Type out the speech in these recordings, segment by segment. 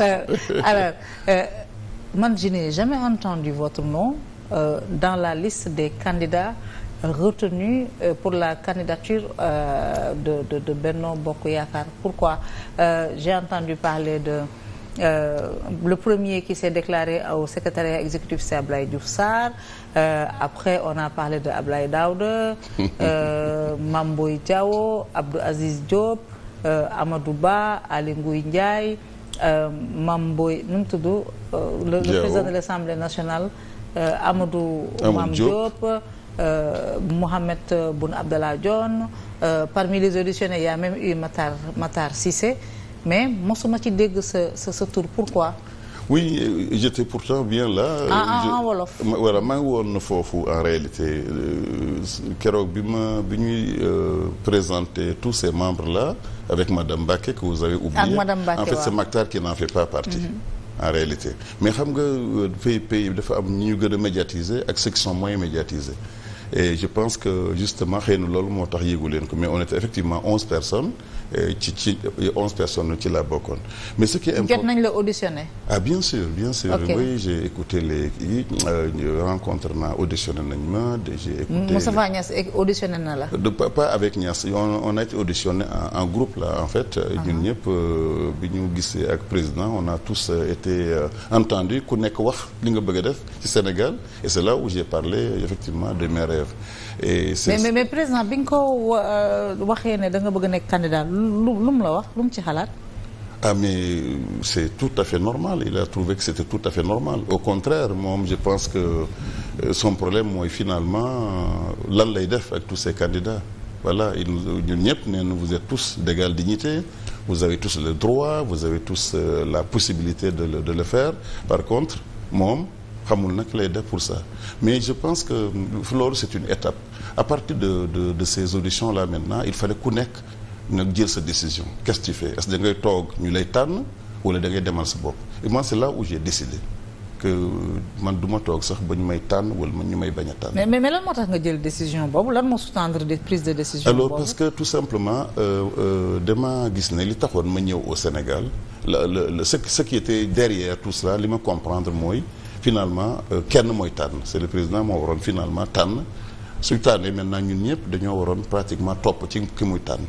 alors euh, alors euh, man je n'ai jamais entendu votre nom euh, dans la liste des candidats retenus euh, pour la candidature de de de Benno Bokk Yaakaar pourquoi j'ai entendu parler de le premier qui s'est déclaré au secrétariat exécutif c'est Ablaye Diouf Sarr après on a parlé de Ablaye Daouda Mame Boye Diao Abdou Aziz Euh, Mame Boye nu mu tudd. Euh, le président de l' nationale. Euh, Amadou Mame Diop Mohamed Boun Abdallah Dionne parmi les auditionnés y' a même eu Matar Matar Cissé mais mosuma ci dégg sa sa sa tur pourquoi. oui j'étais pourtant bien là. ah, ah wolof. voilà maa ngi woon foofu en réalité euh, keroog bi ma bi ñuy euh, présenter tous ces membres là avec madame Mbacké que vous avez oublié ak madame Mbacké en fait c'est Mactar qui n'en fait mm-hmm. mais xam nga euh, pays pays bi dafa am ñi ñu gën a médiatiser ak ceux qui sont moins médiatisés et je pense que justement xëy na loolu moo tax yéegu leen ko mais on était effectivement onze personnes. Euh, ci ci euh, onze personnes ci la bokkoon mais ce qui est important jot nañ la auditionné. ah bien sûr bien sûr. ok oui j'ai écouté euh, rencontre naa auditionné nañ ma. j'ai écouté mmh, Moustapha Niass pas avec Niass on a été auditionné en groupe là en fait. Ah. ñun ñëpp bi ñu gisee ak président on a tous été entendu ku nekk wax li nga bëgg def ci Sénégal et c'est là où j'ai parlé effectivement de mes et c'est mais président bi nga ko waxee ne da nga bëgg nekk candidat. lu lu mu la wax lu mu ci xalaat. ah mais c'est tout à fait normal il a trouvé que c'était tout à fait normal au contraire moom je pense que euh, son problème mooy finalement lan lay def ak tous ces candidats voilà ñun ñëpp nee na vous êtes tous d'égale dignité vous avez tous le droit vous avez tous euh, la possibilité de le de le faire par contre moom xamul nag lay def pour ça mais je pense que loolu c'est une étape à partir de de de ces auditions là maintenant il fallait ku nekk. nag jël sa décision qu'est-ce que est-ce ngay toog ñu lay tànn wala da ngay demal sa bopp et moi c'est là où j'ai décidé que man du ma toog sax ba ñu may tànn wala ma ñu may bañ a tànn. mais nga jël décision boobu lan moo sous-tendre des prises de décision. alors parce que tout simplement euh, euh, dama gis ne li taxoon ma ñëw au Sénégal la la ce ce qui était derrière tout li ma comprendre mooy finalement euh, kenn mooy tànn c'est le président moo waroon finalement tànn suy tànnee maintenant ñun ñëpp dañoo waroon pratiquement topp ci ki muy tànn.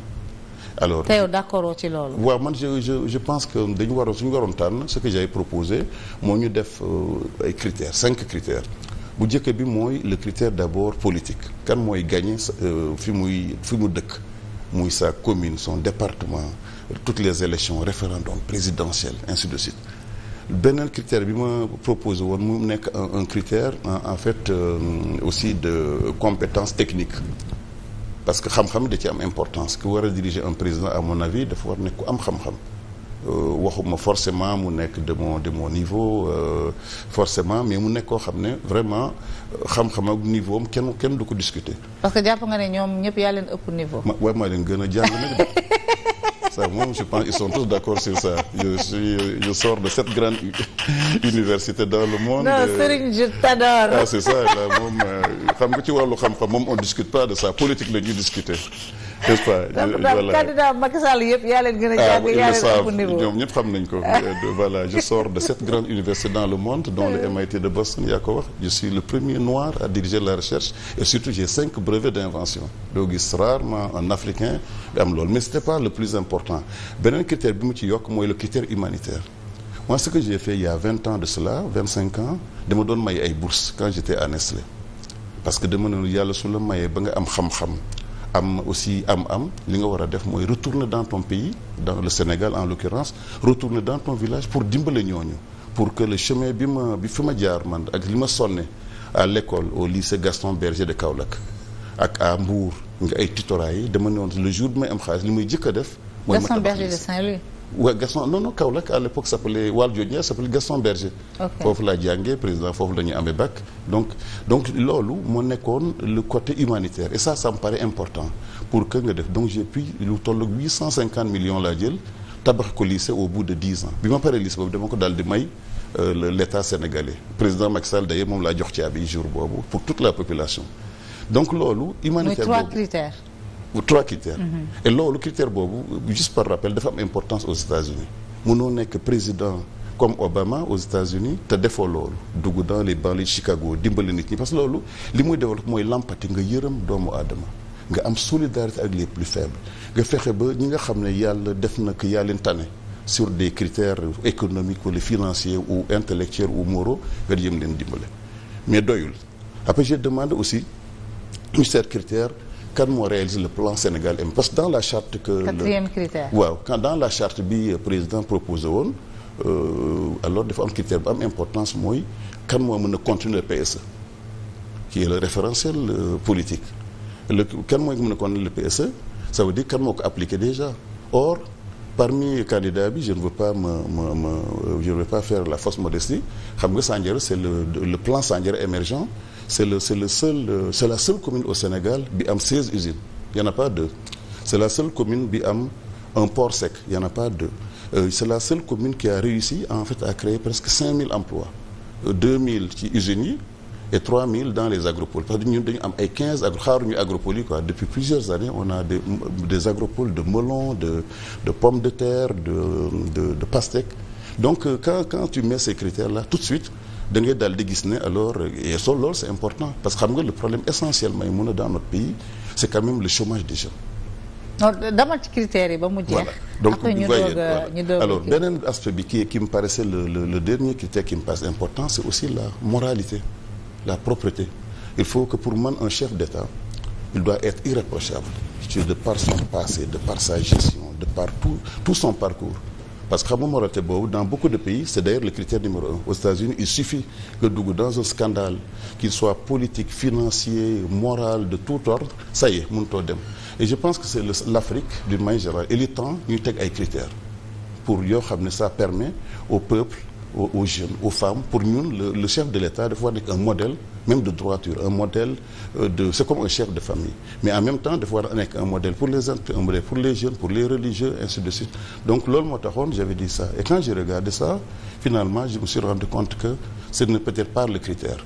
alors te yow d'accord ci loolu. waaw man je je pense que dañu waroon suñu waroon tànn ce que j'avais proposé moo ñu def euh, ay critères cinq critères. bu njëkk bi mooy le critère d'abord politique kan mooy gagner euh, fi muy fi mu dëkk muy sa commune son département toutes les élections référendum présidentiel ainsi de suite. beneen critère bi ma proposé woon mu nekk un critère en fait euh, aussi de compétence technique. parce que xam-xam da ci am importance ku war a diriger un président à mon avis dafa war nekk ku am xam-xam euh, waxuma forcement mu nekk de mon de mon niveau euh, forcément mais mu nekk koo xam ne vraiment euh, xam-xam ak niveau am kenn kenn du ko discuter. parce que jàpp nga ne ñoom ñëpp yaa leen ëpp niveau. ma waaye maa leen gën a jàng nag. ça moom je pense ils sont tous d'accord sur ça je suis je sors de cette grande université dans le monde. non euh, Serigne je t'adore. Ah, c'est ça là moom euh, xam nga ci wàllu xam moom on discute pas de ça politique la ñuy discuter. n'est-ce pas candidat leen gën a ah, jàng yaa leen ëpp niveau ñoom ñëpp xam nañ ko euh, voilà je sors de sept grandes universités dans le monde dont le MIT de Boston yaa ko wax je suis le premier noir à diriger la recherche et surtout j'ai cinq brevets d'invention doo gis rarement un africain bi am loolu mais c'était pas le plus important beneen critère bi mu ci yokk mooy le critère humanitaire moi ce que j'ai fait il vingt ans de cela vingt cinq ans dama doon may ay bourses quand j'étais parce que dama ne yàlla su la mayee ba nga am xam am aussi am am li nga war a def mooy retourner dans ton pays dans le Sénégal en l'occurrence retourner dans ton village pour dimbale ñooñu pour que le chemin bi ma bi fi ma jaar man ak li ma sonne à l'école au lycée Gaston Berger de Kaolack ak à Mbour nga ay tutorat yi dama ne woon le jour bi may am xaalis li may jëkk a def mooy Gaston Berger de saint waa Gaston non non Kaolack à l'époque s'appelait Waljo Dia s'appelait Gaston Berger. foofu laa jàngee président foofu la ñu amee bac. donc donc loolu moo nekkoon le côté humanitaire et ça ça me paraît important pour que nga def donc j'ai pris lu toll ak 850 millions laa jël tabax ko lycée au bout de 10 ans bi ma paree lycée boobu dama ko daal di may. Euh, l'état sénégalais président Macky Sall d'ailleurs moom laa jox caabi jour boobu pour toute la population donc loolu humanitaire ou trois critères. et loolu critère boobu juste par rappel dafa am importance aux États-Unis mënoo nekk président comme Obama aux États-Unis te defoo loolu dugg dans les banlieues de Chicago dimbali nit ñi parce loolu li muy développe mooy l'empathie nga yërëm doomu aadama nga am solidarité ak les plus faibles nga fexe ba ñi nga xam ne yàlla def na ko yaa leen tane sur des critères économiques wala financiers ou intellectuels ou moraux nga yëm leen dimbale kan moo réaliser le plan Sénégal parce que dans la charte que quatrième waaw dans la charte bi euh, président proposé woon euh, alors dafa am critère bu am importance mooy kan moo mën a continuer le PSE qui est le référentiel euh, politique le kenn mooy mën a continuer le PSE ça veut dire kan moo ko appliqué déjà or parmi candidats bi je ne veux pas me me me je ne veux pas faire la fausse modestie xam nga Sandiara c'est le le plan Sandiara émergent c'est le le seul euh, la seule commune au Sénégal bi am 16 usines il y a pas deux c'est la seule commune bi am un port sec il y en a pas deux euh, c'est la seule commune qui a réussi en fait à créer presque 5000 emplois 2000 euh, ci usines yi et 3000 dans les agropoles parce que ñun dañu am ay 15 agro agropoles yi quoi depuis plusieurs années on a des des agropoles de melon de de pommes de terre de de de pastèque donc euh, quand quand tu mets ces critères là tout de suite da ngay daal di gis ne alors et so loolu c'est important parce que xam nga le problème essentiel may mun a dans notre pays c'est quand même le chômage des jeunes. dama ci critères yi ba mu jeex. donc vous voyez voilà alors beneen aspect bi qui qui me paraissait le le le dernier critère qui me paraisse important c'est aussi la moralité la propreté il faut que pour man un chef d'État il doit être irréprochable de par son passé de par sa gestion de par tout tout son parcours. parce que xam nga moralité boobu dans beaucoup de pays c'est d'ailleurs le critère numéro un aux États-Unis il suffit que dugg dans un scandale qu'il soit politique financier moral de tout ordre ça y est mënutoo dem et je pense que c'est l'Afrique d'une manière générale il est temps ñuy teg ay critères pour yoo xam ne ça permet au peuple aux jeunes aux femmes pour ñun le chef de l'État dafa war nekk un modèle même de droiture un modèle euh, de c'est comme un chef de famille mais en même temps dafa war a nekk un modèle pour les un pour les jeunes pour les religieux ainsi de suite donc loolu moo taxoon j'avais dit ça et quand j'ai regardé ça finalement je me suis rendu compte que ce n'est peut-être pas le critère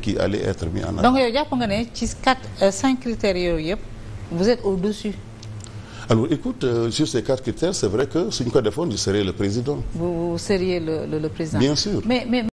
qui allait être mis en avant. donc yow quatre euh, cinq critères yooyu yëpp vous êtes au-dessus. alors écoute euh, sur ces quatre critères c'est vrai que suñ ko